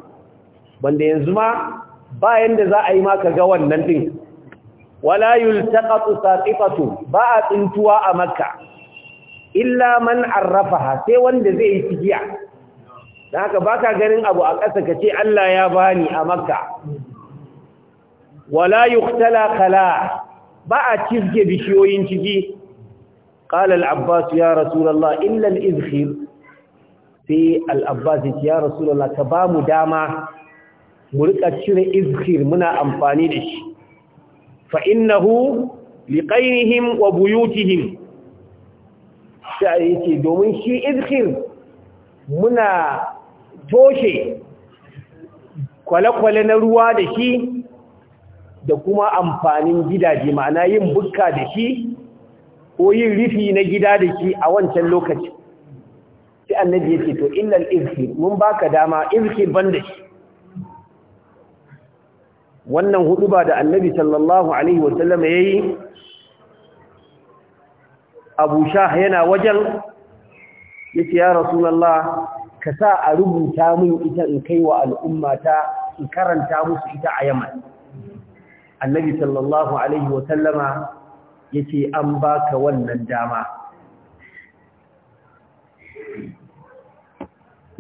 wanda yanzu ma ba yanda za a yi maka ga wannan din wala yultaqatu saqifatu ba a tsintuwa a makka illa man arrafaha sai wanda zai yi tijiya dan haka baka ganin abu a ƙasa kace Allah ya bani a makka wala yuqtala qala ba a cizge bishiyoyin ciki قال العباس يا رسول الله إلا الإذخير في العباس يا رسول الله كبام داما mu rika cire izkir muna amfani da shi fa innahu liqainihim wa buyutihim sai ce domin shi izkir muna toshe kwale-kwale na ruwa da shi da kuma amfanin gidaje ma'ana yin bukka da shi ko yin rifi na gida da shi a wancan lokaci sai annabi yake to illal izkir mun baka dama izkir ban da shi wannan huduba da annabi sallallahu alaihi wasallam yayi abu shah yana wajen ce ya rasulullah ka sa a rubuta min ita in kai wa al'ummata in karanta musu ita a yamma. annabi sallallahu alaihi wasallama ce an baka wannan dama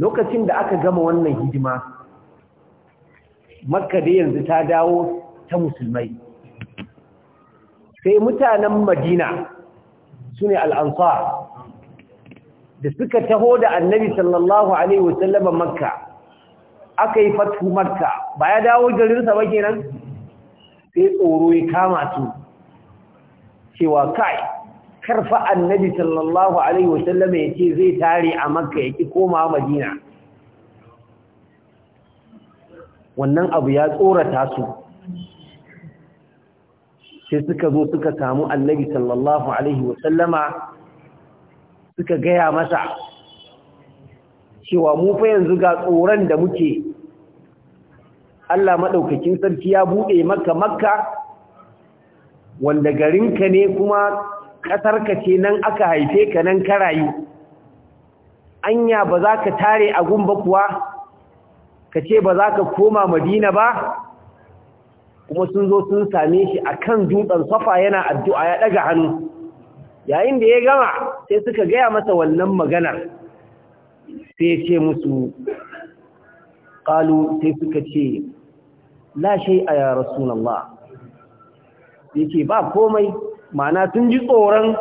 lokacin da aka gama wannan hidima makka da yanzu ta dawo ta musulmai sai mutanen madina su ne al'ansar da suka taho da annabi sallallahu alaihi wasallama makka aka yi fatu makka ba ya dawo garinsa ba kenan sai tsoro ya kama su cewa kai karfa annabi sallallahu alaihi wasallama ya ce zai tare a makka ya ki koma madina wannan abu ya tsorata su sai suka zo suka samu annabi sallallahu alaihi wasallama suka gaya masa cewa mu fa yanzu ga tsoron da muke Allah maɗaukakin sarki ya buɗe maka makka wanda garinka ne kuma ƙasarka ce nan aka haife ka nan karayi anya ba za ka tare a gumba kuwa ka ce ba za ka koma madina ba kuma sun zo sun same shi a kan dutsen safa yana addu'a ya ɗaga hannu yayin da ya gama sai suka gaya masa wannan maganar sai ce musu ƙalu sai suka ce la a yara Ya yake ba komai mana sun ji tsoron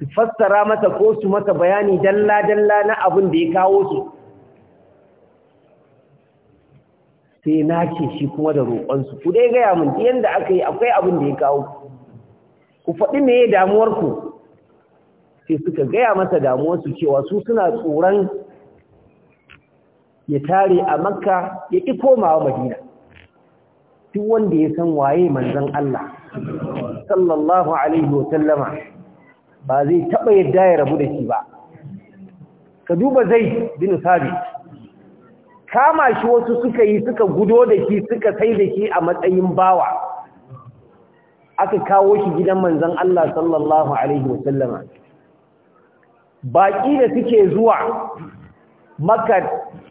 su fassara masa ko su masa bayani dalla-dalla na abin da ya kawo su sai na ce shi kuma da roƙonsu ku dai gaya mun yadda aka yi akwai abin da ya kawo ku faɗi me damuwarku sai suka gaya masa damuwarsu cewa su suna tsoron ya tare a makka ya ƙi komawa madina duk wanda ya san waye manzon Allah sallallahu alaihi wa sallama ba zai taɓa yadda ya rabu da shi ba ka duba zai bin sabi kama shi wasu suka yi suka gudo da shi suka sai da shi a matsayin bawa aka kawo shi gidan manzon Allah sallallahu alaihi wasallama baki da suke zuwa makka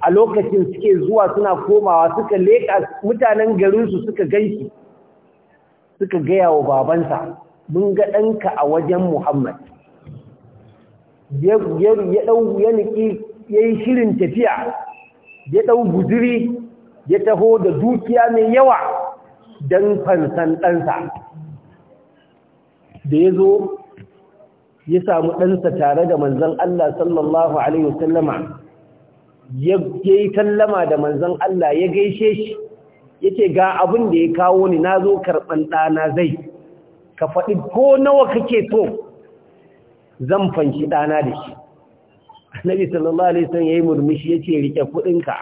a lokacin suke zuwa suna komawa suka leka mutanen garinsu suka ganshi suka gaya wa babansa mun ga ɗanka a wajen muhammad ya ɗau ya niki ya yi shirin tafiya ya ɗau guziri ya taho da dukiya mai yawa don fansan ɗansa da ya zo ya samu ɗansa tare da manzan Allah sallallahu Alaihi wasallama ya yi tallama da manzan Allah ya gaishe shi ya ce ga abin da ya kawo ni na zo karɓan ɗana zai ka faɗi ko nawa kake so zan fanshi ɗana da shi annabi sallallahu alaihi wasallam yayi murmushi yace rike kuɗinka.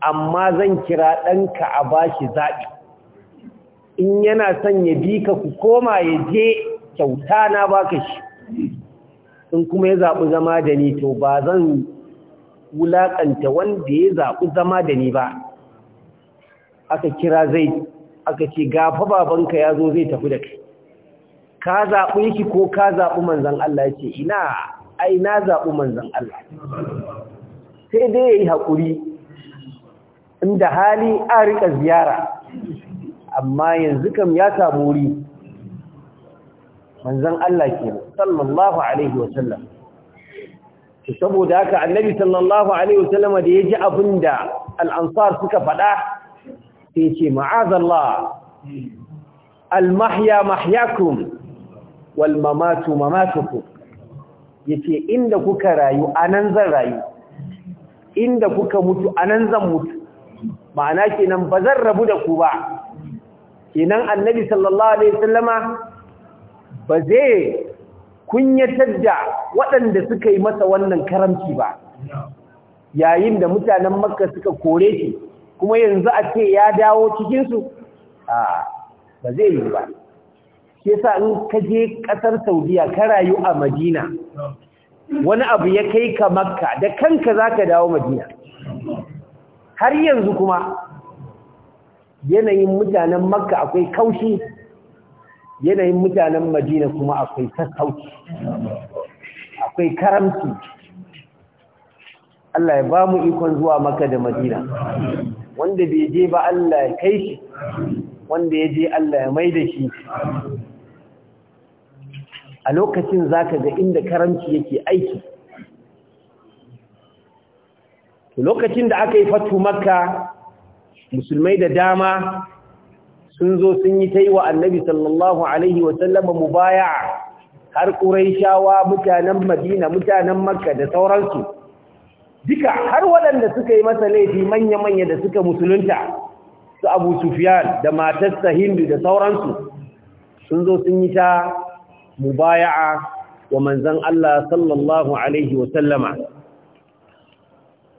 amma zan kira danka a bashi zabi in yana son ya bi ka ku koma ya je kyauta na baka shi in kuma ya zabi zama da ni to ba zan wulaƙanta wanda ya zaɓi zama da ni ba aka kira zai aka ce gafa babanka ya zo zai tafi da kai ka zaɓi yake ko ka zaɓi manzan Allah ce ina ai na zaɓi manzan Allah sai dai ya yi haƙuri inda hali a riƙa ziyara amma yanzu kam ya samu wuri manzan Allah ke sallallahu alaihi wasallam saboda haka annabi sallallahu alaihi wasallam da ya ji abin da al'ansar suka faɗa sai ce ma'azallah al-mahya mahyakum wal mamatu mamatukum yace inda kuka rayu anan zan rayu inda kuka mutu anan zan mutu ma'ana kenan bazan rabu da ku ba kenan annabi sallallahu alaihi wasallama ba zai kunyatar da waɗanda suka yi masa wannan karamci ba yayin da mutanen makka suka kore shi kuma yanzu a ce ya dawo cikinsu a ba zai yi ba shi yasa in ka je kasar Saudiya ka rayu a Madina wani abu ya kai ka Makka da kanka zaka dawo Madina har yanzu kuma yanayin mutanen Makka akwai kaushi yanayin mutanen Madina kuma akwai sassauci akwai karamci Allah ya ba mu ikon zuwa Makka da Madina wanda bai je ba Allah ya kai shi wanda ya je Allah ya mai da shi a lokacin za ka ga inda karanci yake aiki lokacin da aka yi fatu makka musulmai da dama sun zo sun yi ta yi wa annabi sallallahu alaihi wasallama baya har ƙuraishawa mutanen madina mutanen makka da sauransu Dika har waɗanda suka yi masa laifi manya-manya da suka musulunta su abu sufiyan da matarsa hindu da sauransu sun zo sun yi ta mubaya'a wa manzan Allah sallallahu alaihi wasallama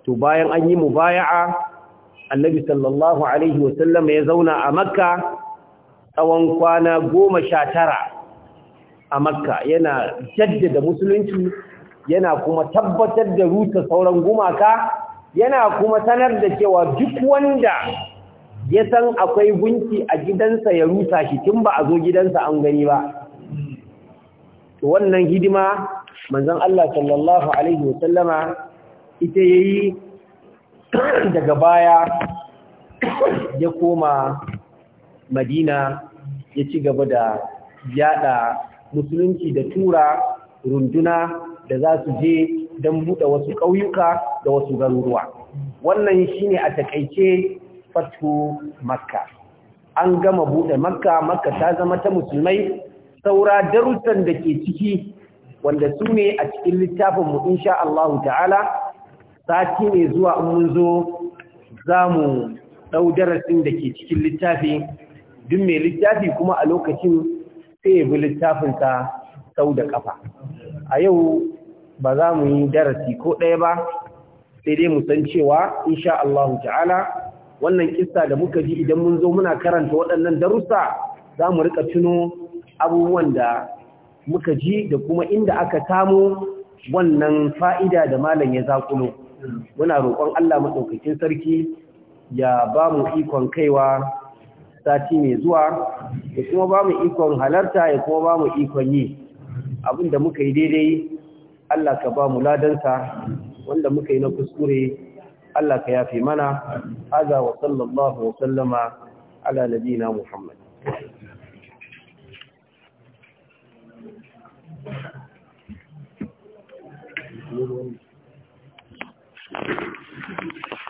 to bayan an yi mubaya'a annabi sallallahu alaihi wasallama ya zauna a makka tsawon kwana goma sha tara a makka yana jaddada musulunci yana kuma tabbatar da ruta sauran gumaka yana kuma sanar da cewa duk wanda ya san akwai gunki a gidansa ya rusa shi tun ba a zo gidansa an gani ba to wannan hidima manzon Allah sallallahu alaihi wasallama ita yayi daga baya ya koma Madina ya ci gaba da yada musulunci da tura runduna da za su je don buɗe wasu ƙauyuka da wasu garuruwa wannan shine a takaice fatu makka an gama buɗe makka makka ta zama ta musulmai saura darussan da ke ciki wanda su ne a cikin littafinmu insha Allah ta'ala sati ne zuwa in mun zo za mu ɗau darasin da ke cikin littafi duk mai littafi kuma a lokacin sai ya bi littafinsa sau da ƙafa a yau ba za mu yi darasi ko ɗaya ba sai dai mu san cewa insha Allah ta'ala wannan kissa da muka ji idan mun zo muna karanta waɗannan darussa za mu rika tuno abubuwan da muka ji da kuma inda aka samu wannan fa'ida da malam ya zakulo muna roƙon Allah maɗaukakin sarki ya ba mu ikon kaiwa sati mai zuwa ya kuma ba mu ikon halarta ya kuma ba mu ikon yi da muka yi daidai Allah ka ba mu ladansa wanda muka yi na kuskure Allah ka yafe mana haza wa sallallahu wa sallama ala na Muhammad Thank you.